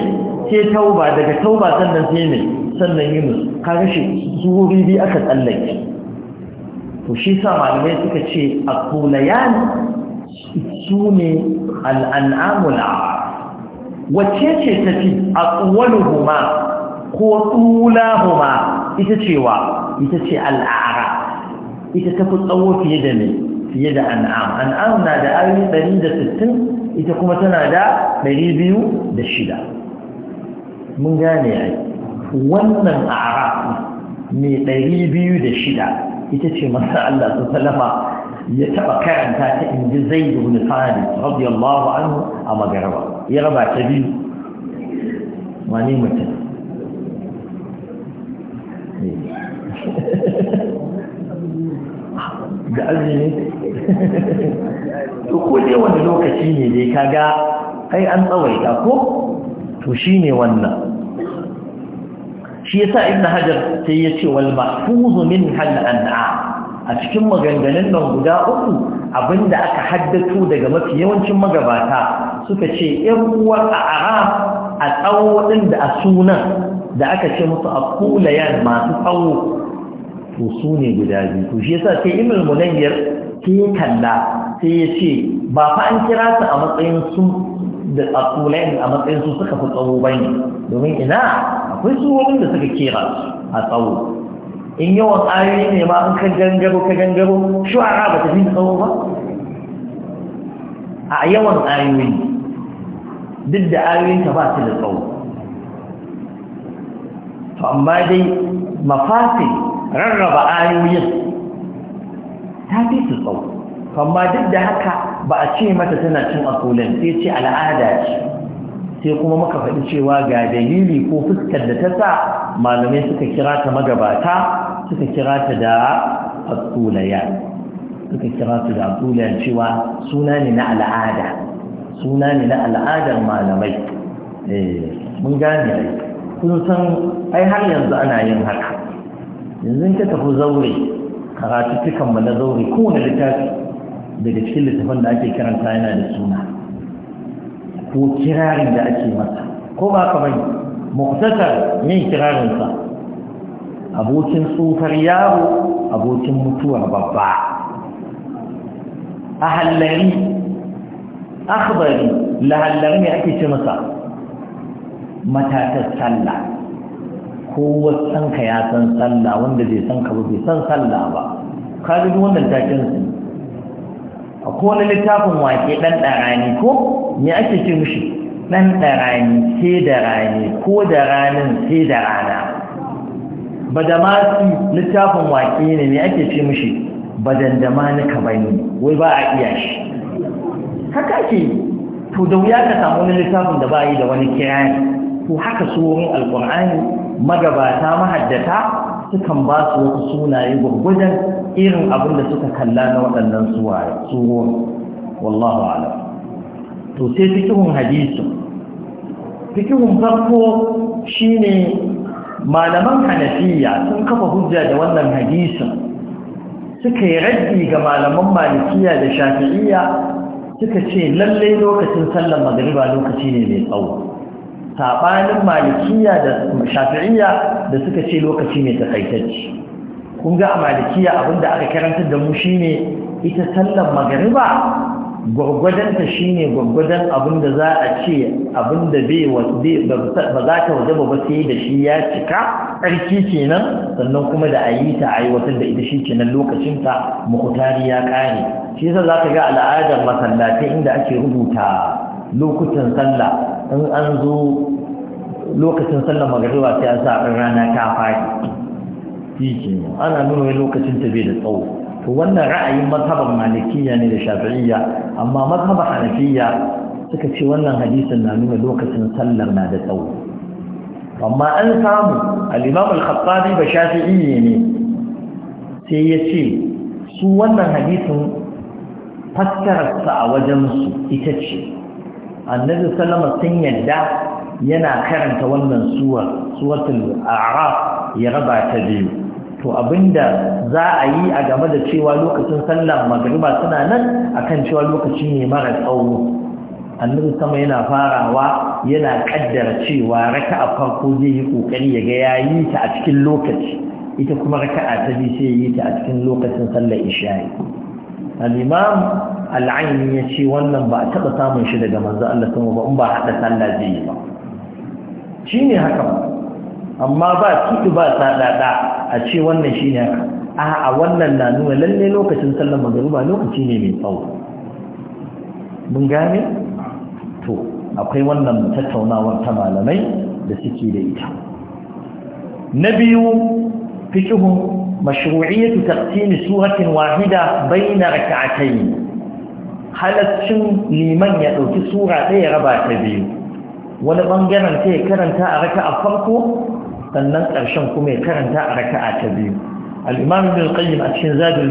A: sai tauba daga tauba sannan sai ne sannan yunus ka shi suri biyu aka tsallake to shi sa malamai suka ce a kulayan su ne al'an'amula wace ce ta fi a huma ko huma ita cewa ita ce al'ara ita ta fi tsawo fiye da ne fiye da an'am an'am na da ayoyi 160 ita kuma tana da 206 mun gane yayi wannan a'ara mai 206 ita ce masa Allah su salama ya taɓa karanta ta in ji zai da wani fahari radiyallahu anhu a magaraba ya raba ta biyu wani mutum eh. da azumi to ko dai wani lokaci ne dai kaga ai an tsawaita ko to shi ne wannan shi yasa Ibn hajar sai ya ce wal mahfuz min hal an'a a cikin maganganun nan guda uku abinda aka haddatu daga mafi yawancin magabata suka ce ‘yan uwa a ara a tsawo ɗin da a sunan da aka ce musu a kulayen masu tsawo to su ne guda biyu to shi yasa sai imil munayyar ke kalla sai ya ce ba fa an kira su a matsayin su da a kulayen a matsayin su suka fi tsawo ba ne domin ina akwai su da suka kera a tsawo in yawan ayoyi ne ma an kan gangaro ka gangaro shuwara ba ta fi tsawo ba a yawan ne duk da ayoyin ta ba su da tsawo to amma dai mafasi rarraba ayoyin ta fi su tsawo amma duk da haka ba a ce mata tana cin akulan sai ce al'ada ce sai kuma muka faɗi cewa ga dalili ko fuskar da ta sa malamai suka kira ta magabata suka kira ta da abdulayan suka kira ta da abdulayan cewa suna ne na al'ada suna ne na al'adar malamai eh, mun gane ai kun san ai har yanzu ana yin haka yanzu ka tafi zaure karatuttukanmu na zaure kowane littafi daga cikin littafin da ake karanta yana da suna ko kirarin da ake masa ko ba kamar muktasar yin kirarinsa abokin tsufar yaro abokin mutuwar babba a hallari akhbari lahallari ne ake ce masa matatar sallah kowa sanka ya san sallah wanda zai san ka ba bai san sallah ba ka wannan takin su akwai wani littafin wake dan ɗarani ko ne ake ce mushi dan ɗarani sai da rani ko da ranin sai da rana badamasi littafin waƙe ne ne ake ce mushi badandama na kabani wai ba a iya shi haka ake to da wuya ka samu wani littafin da ba yi da wani kirani Ko haka suwoyin alƙur'ani magabata mahaddata sukan ba su wasu sunaye gwaggwajen irin abin da suka kalla na waɗannan suwoyin wallahu alam to sai fikihun hadisu fikihun farko shine malaman hanafiya sun kafa hujja da wannan hadisin suka yi raddi ga malaman malikiya da shafi'iya suka ce lallai lokacin sallar magariba lokaci ne mai tsawo saɓanin malikiya da shafi'iya da suka ce lokaci ne takaitacce kun ga a malikiya abinda aka karantar da mu shine ita sallar magariba gwargwadonta ta shine gwargwadon abin da za a ce abin da ba za ta waje ba sai da shi ya cika ƙarfi kenan sannan kuma da a yi ta aiwatar da ita shi kenan lokacinta mukutari ya ƙare shi yasa za ka ga al'adar masallatai inda ake rubuta lokutan sallah in an zo lokacin sallah magariba sai an sa rana ta fadi shi kenan ana nuna lokacin ta bai da tsawo to wannan ra'ayin mazhaban malikiya ne da shafi'iyya amma mazhaban hanafiya suka ce wannan hadisin na nuna lokacin sallar na da tsawo amma an samu al-imam al-khattabi ba ne sai ya ce su wannan hadisin fassararsa a wajen su ita ce annabi salama sun yadda yana karanta wannan suwar suwatul a'raf ya raba ta biyu to abinda za a yi a game da cewa lokacin sallar magariba suna nan akan cewa lokaci ne mara tsawo annabi sama yana farawa yana kaddara cewa raka'a farko zai yi kokari ya ga yayi ta a cikin lokaci ita kuma raka'a ta bi sai yi ta a cikin lokacin sallar isha'i al-imam al-aini ya ce wannan ba a taba samun shi daga manzo Allah sama ba in ba hada sallah zai yi ba shine haka amma ba kiɗi ba saɗaɗa a ce wannan shi ne a wannan na nuna lalle lokacin sallar magariba lokaci ne mai tsawo mun gane to akwai wannan tattaunawar ta malamai da suke da ita na biyu fikihun mashru'iyyatu taqsimi suratin wahida bayna rak'atayn halaccin liman ya dauki sura ɗaya raba ta biyu wani bangaren sai karanta a raka'a farko sannan ƙarshen kuma ya karanta a raka'a ta biyu alimam imam qayyim a cikin zadul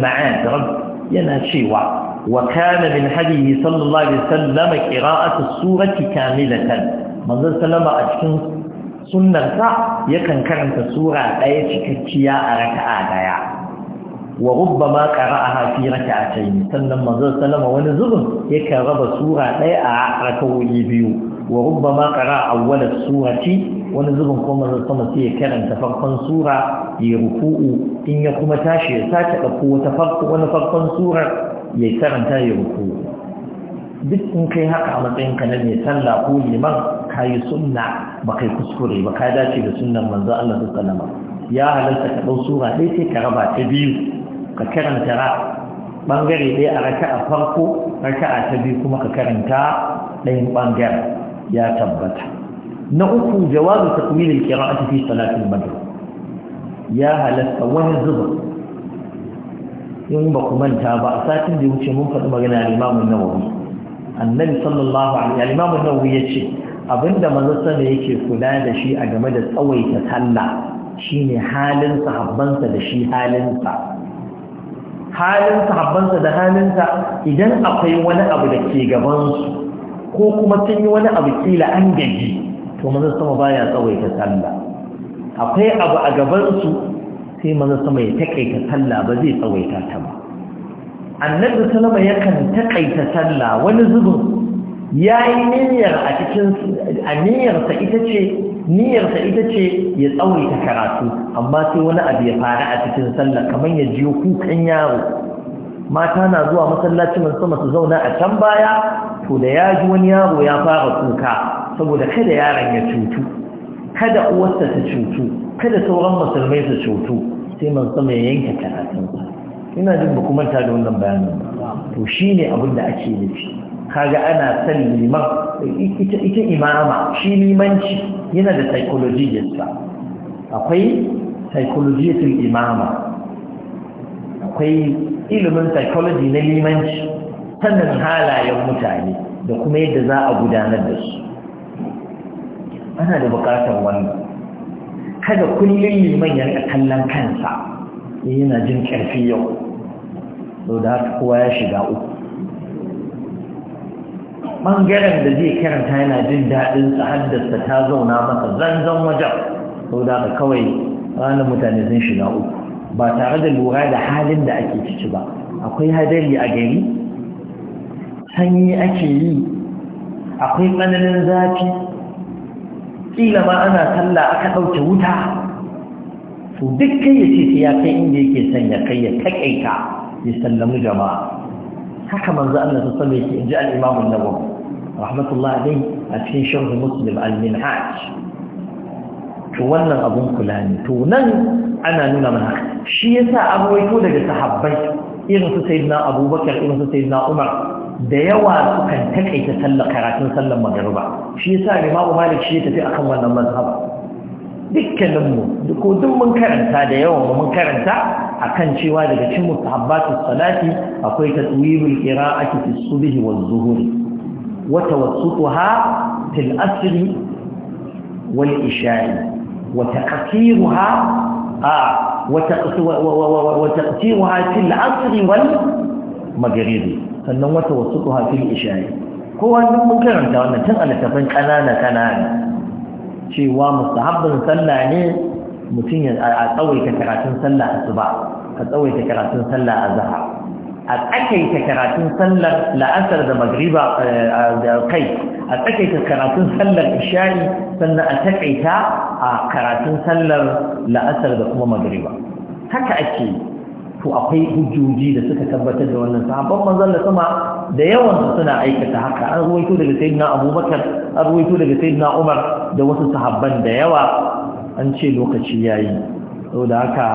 A: yana cewa wa kana min hadihi sallallahu alaihi wasallam qira'atu surati kamilatan manzon sallama a cikin sunnarsa yakan karanta sura ɗaya cikakkiya a raka'a daya wa rubbama qara'aha fi raka'atayn sannan manzon sallama wani zubin yakan raba sura ɗaya a raka'o'i biyu wa rubbama qara awwala surati wani zubin kuma zai sama sai ya karanta farkon sura ya ruku'u in ya kuma tashi ya sake ɗauko wata farko wani farkon surar ya karanta ya ruku'u duk in kai haka a matsayin ka na mai sallah ko liman ka yi sunna ba kai kuskure ba ka dace da sunnan manzo Allah su sallama ya halarta ka ɗau sura ɗaya sai ka raba ta biyu ka karanta ra ɓangare ɗaya a raka'a farko raka'a ta biyu kuma ka karanta ɗayan ɓangaren ya tabbata na uku jawazu takwil alqira'ati fi salati al-maghrib ya halatta wani zuba in ba ku manta ba a satin da wuce mun faɗi magana al-imam an-nawawi annabi sallallahu alaihi al-imam an-nawawi yace abinda manzo sallallahu yake kula da shi a game da tsawaita sallah shine halin sahabbansa da shi halinsa halin sahabbansa da halinsa idan akwai wani abu da ke gabansu ko kuma sun yi wani abu kila an gaji to maza sama baya tsawaita sallah akwai abu a gaban su sai maza sama ya takaita sallah ba zai tsawaita ta ba annabi Salama yakan takaita sallah wani zubin yi niyyar a cikin aniyarsa ita ce niyyarsa ita ce ya tsawaita karatu amma sai wani abu ya fara a cikin sallah kamar ya jiyo kukan yaro mata na zuwa masallacin sama su zauna a can baya to da ya ji wani yaro ya fara kuka saboda kada yaron ya cutu kada uwarsa ta cutu kada sauran musulmai su cutu sai man sama ya yanke karatun ina jin ba kuma ta da wannan bayanin to shine abin da ake nufi kaga ana san liman ita imama shi limanci yana da psychology akwai psychological imama akwai ilimin psychology na limanci sannan halayen mutane da kuma yadda za a gudanar da su ana da bukatar wannan kada kullum liman ya kallon kansa eh, yana jin ƙarfi yau so da haka kowa ya shiga uku ɓangaren da zai karanta yana jin daɗin haddasa ta zauna masa zanzan wajen sau da haka kawai ranar mutane sun shiga uku ba tare da lura da halin da ake ciki ba akwai hadari a gari sanyi ake yi akwai tsananin zafi kila ma ana sallah aka ɗauke wuta Su duk kai ya ce ya kai inda yake son ya kai ya taƙaita ya sallamu jama'a haka manzo Allah ta sallai ke inji al-Imam an-Nawawi rahmatullahi alayhi a cikin sharh Muslim al-Minhaj to wannan abun kula ne to nan ana nuna mana shi yasa an waito daga sahabbai irin su sayyidina abubakar irin su sayyidina umar da yawa sukan takaita sallar karatun sallar magariba shi yasa limamu malik shi ya tafi akan wannan mazhab Dukkaninmu, mu ko mun karanta da yawan mun karanta akan cewa daga cikin mustahabbatu salati akwai tatwibul ake fi subhi wa zuhuri wasu tawassutuha fil asiri wal isha'i وتقصيرها آه وتقصيرها في العصر والمغرب sannan wata wasu kuha fil kowa ne karanta wannan tun a littafin ƙanana, kanana cewa mustahabbin sallah ne mutum ya tsawaita karatun sallah asuba ka tsawaita karatun sallah azhar a tsakaita karatun sallar la'asar da magriba eh, da kai a tsakaita karatun sallar isha'i sannan a takaita a karatun sallar la'asar da kuma magriba haka ake to akwai hujjoji da suka tabbatar da wannan sahabban manzon da sama da yawan suna aikata haka an ruwaito daga sayyidina abubakar an ruwaito daga sayyidina umar da wasu sahabban da yawa an ce lokaci yayi saboda haka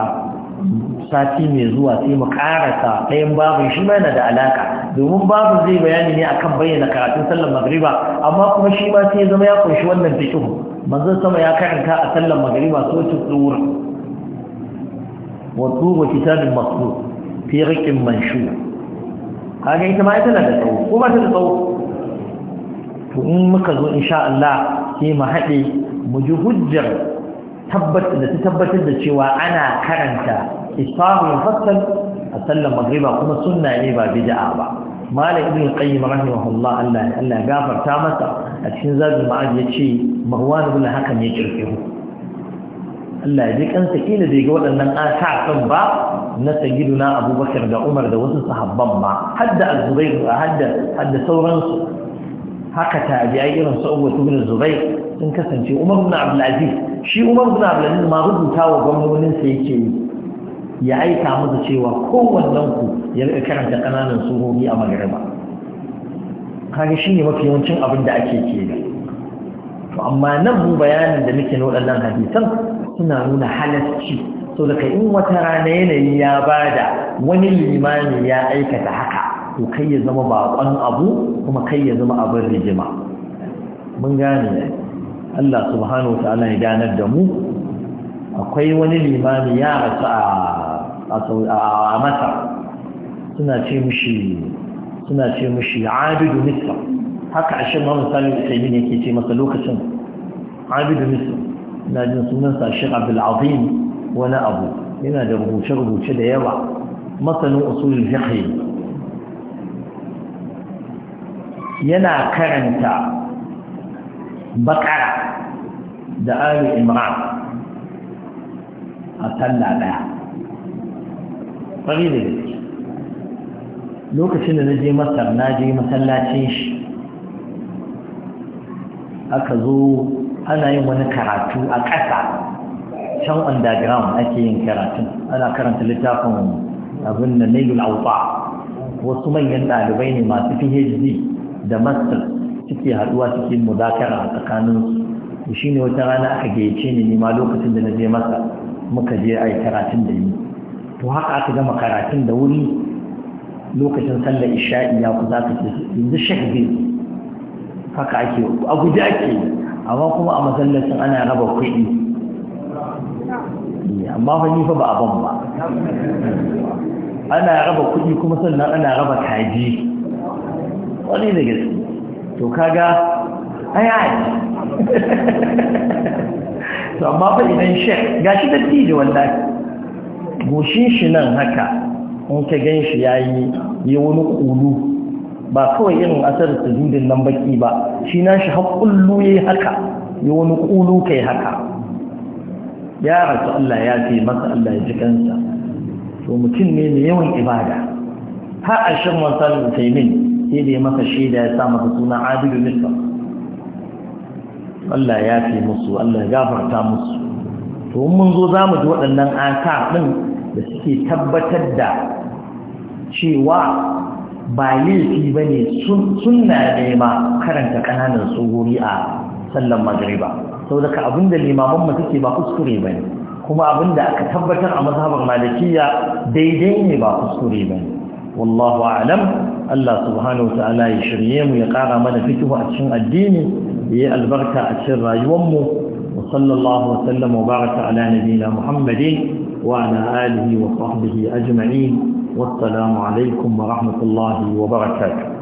A: sati mai zuwa sai mu karasa ɗayan babin shi ma yana da alaka domin babu zai bayani ne akan bayyana karatun sallar magriba amma kuma shi ma sai zama ya kunshi wannan fikihu manzo sama ya karanta a sallar magriba so ta tsura wa tuba kitabin masdu fi riqin manshu kaga ita ma ita na da tsawo ko ba ta da tsawo to in muka zo insha Allah sai mu haɗe mu ji hujjar tabbatar da ta tabbatar da cewa ana karanta isfahu mufassal a sallar magriba kuma sunna ne ba bid'a ba malam ibn qayyim rahimahullah Allah Allah gafarta masa a cikin zabi ma'ad yace marwan ibn hakan ya kirkihu Allah ya kansa kila da ga waɗannan asakan ba na sayyiduna Abubakar da Umar da wasu sahabban ba hadda al zubayr hadda hadda sauransu haka tabi'ai irin su Abu ibn Zubayr sun kasance umar bin abdulaziz shi umar bin abdulaziz ma rubuta wa gwamnonin sa yake yi ya aika musu cewa kowannen ku ya rika karanta kananan surori a magriba kaga shine mafi yawancin abin da ake ke da to amma nan mu bayanin da muke na waɗannan hadisan suna nuna halarci so daga in wata rana yanayi ya bada wani limami ya aikata haka to kai ya zama baƙon abu kuma kai ya zama abin rigima mun gane Allah subhanahu wa ta'ala ya danar da mu akwai wani limami ya rasu a masa suna ce mushi suna ce mushi abidu misra haka ashe ma misali usaimin yake ce masa lokacin abidu misra na jin sunansa shi abdul azim wani abu yana da rubuce-rubuce da yawa masanin usulul fiqh yana karanta bakara da ali imran a sallah daya ƙwari da lokacin da na je masar na je masallacin shi aka zo ana yin wani karatu a ƙasa can underground ake yin karatun ana karanta littafin abin da nailul auta wasu manyan ɗalibai ne masu phd da master suke haduwa cikin muzakara a tsakanin su shi ne wata rana aka gayyace ni nima lokacin da na je masa muka je a yi karatun da ni to haka aka gama karatun da wuri lokacin sallar isha'i ya ku za ka ce yanzu shahbi haka ake a guji ke. amma kuma a masallacin ana raba kuɗi eh, amma fa ni fa ba abin ba ana raba kuɗi kuma sannan ana raba kaji wani da gaske to kaga ayai to amma fa idan shek gashi da tije wallahi goshin shi nan haka in ka gan shi yayi yi wani kulu ba kawai irin asar sujudin nan baki ba shi na shi haƙullu yayi haka yi wani kulu kai haka ya rasu Allah ya fi masa Allah ya ji kansa to mutum ne mai yawan ibada har a shan wasan taimin sai da ya masa shaida ya sa suna abidu misra Allah ya fi musu Allah ya gafarta musu to mun zo za mu ji waɗannan aka ɗin da suke tabbatar da cewa ba laifi ba ne suna nema karanta ƙananan tsohori a sallan magariba sau daga abinda limaman mu suke ba kuskure ba ne kuma da aka tabbatar a mazhabar malikiya daidai ne ba kuskure ba ne wallahu alam Allah subhanahu ta'ala ya shirye mu ya ƙara mana fikihu a cikin addini ya yi albarka a cikin rayuwar wa sallallahu wa sallam wa baraka ala nabina Muhammadin wa ala alihi wa sahbihi ajma'in wassalamu alaikum wa rahmatullahi wa barakatuh